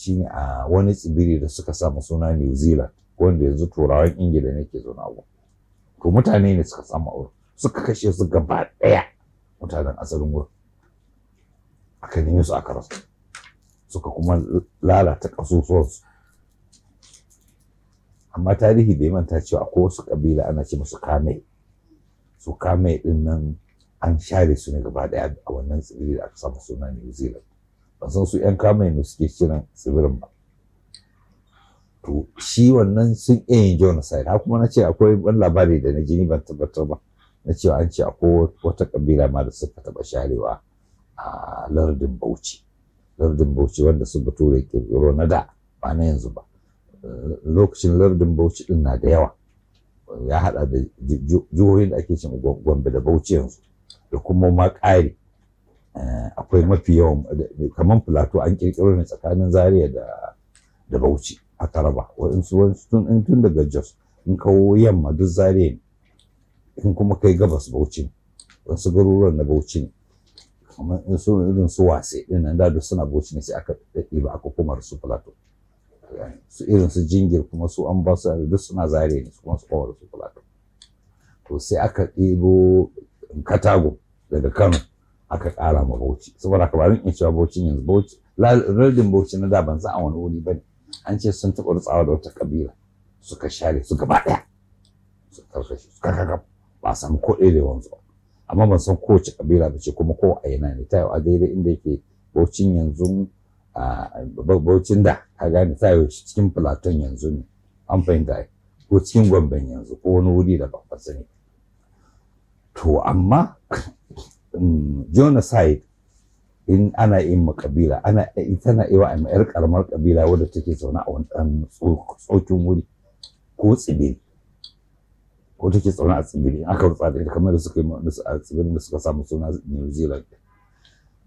shine a wani tsibiri da suka samu suna New Zealand wanda yanzu turawan Ingila ne ke zaune a To mutane ne suka samu aure suka kashe su gaba ɗaya mutanen asalin wurin. Aka nemi su aka rasa suka kuma lalata ƙasusuwansu. Amma tarihi bai manta cewa akwai wasu ƙabila ana ce musu kame. Su kame ɗin an share su ne gaba ɗaya a wannan tsibiri da aka samu suna New Zealand. ba su 'yan kamai ne suke kiran tsibirin ba to shi wannan sun iya yin genocide Na kuma na ce akwai wani labari da na jini ban tabbatar ba na cewa an ce akwai wata kabila ma da suka taɓa sharewa a lardin bauchi lardin bauchi wanda su bature kirkiro na da ba na yanzu ba eh, lokacin lardin bauchi din na da yawa ya haɗa da jihohin da ake cin gombe da bauchi yanzu da kuma ma ƙari Eh, akwai mafi yawan kamar filato an kirkiro ne tsakanin zaria da da bauchi a Taraba. waɗansu tun tun daga jos in kawo yamma duk zaria ne in kuma kai gabas bauchi wasu garuruwan na bauchi ne kamar in su irin su wase din nan da duk suna bauchi ne sai aka daɗe ba aka kuma su filato su irin su jingir kuma su an ba su duk suna zaria ne su kuma su kawo su filato to sai aka ɗebo katago daga kano aka ƙara ma bauchi saboda haka ba zan iya cewa bauchin yanzu bauchi lardin bauchi na da ban san a wani wuri ba ne an ce sun taɓa rutsawa da wata kabila suka share su gaba ɗaya su karkashe su kakaka ba samu ko ɗaya da wanzu ba amma ban san kowace kabila ba ce kuma ko a yana ne ta yau a daidai inda yake bauchin yanzu bauchin da ka gane ta yau cikin platon yanzu ne an fahimta ko cikin gwamban yanzu ko wani wuri da ba sani to amma genocide in ana yin ma kabila ana tana yi wa yar karamar kabila wadda take zaune a wani tsokin wuri ko tsibiri ko take zaune a tsibiri in aka rutsa da ita kamar da suka yi a tsibirin da suka samu suna New Zealand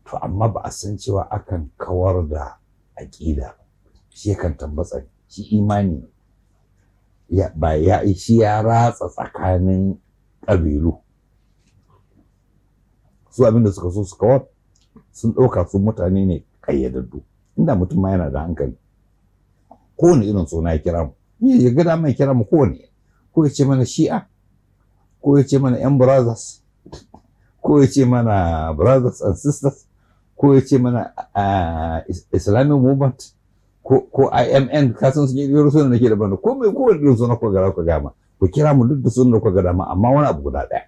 to amma ba a san cewa akan kawar da aƙida shi yakan tambatsa shi imani ya ba ya shi ya ratsa tsakanin ƙabilu su abin da suka so su kawar sun ɗauka su mutane ne kayyadaddu inda mutum ma yana da hankali kowane irin suna ya kira mu ni ya gada mai kira mu kowane ko ya ce mana shi'a ko ya ce mana yan brothers ko ya ce mana brothers and sisters ko ya ce mana ah, islamic movement ko imn ka san su yi suna da ke da banda ko mai kowane irin suna ko gara ko gama ku kira mu duk da suna ko ma, amma wani abu guda ɗaya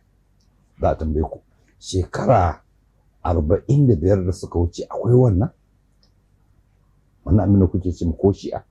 za a tambaye ku shekara arba'in da biyar da suka wuce akwai wannan wannan amina kuke cin ko shi'a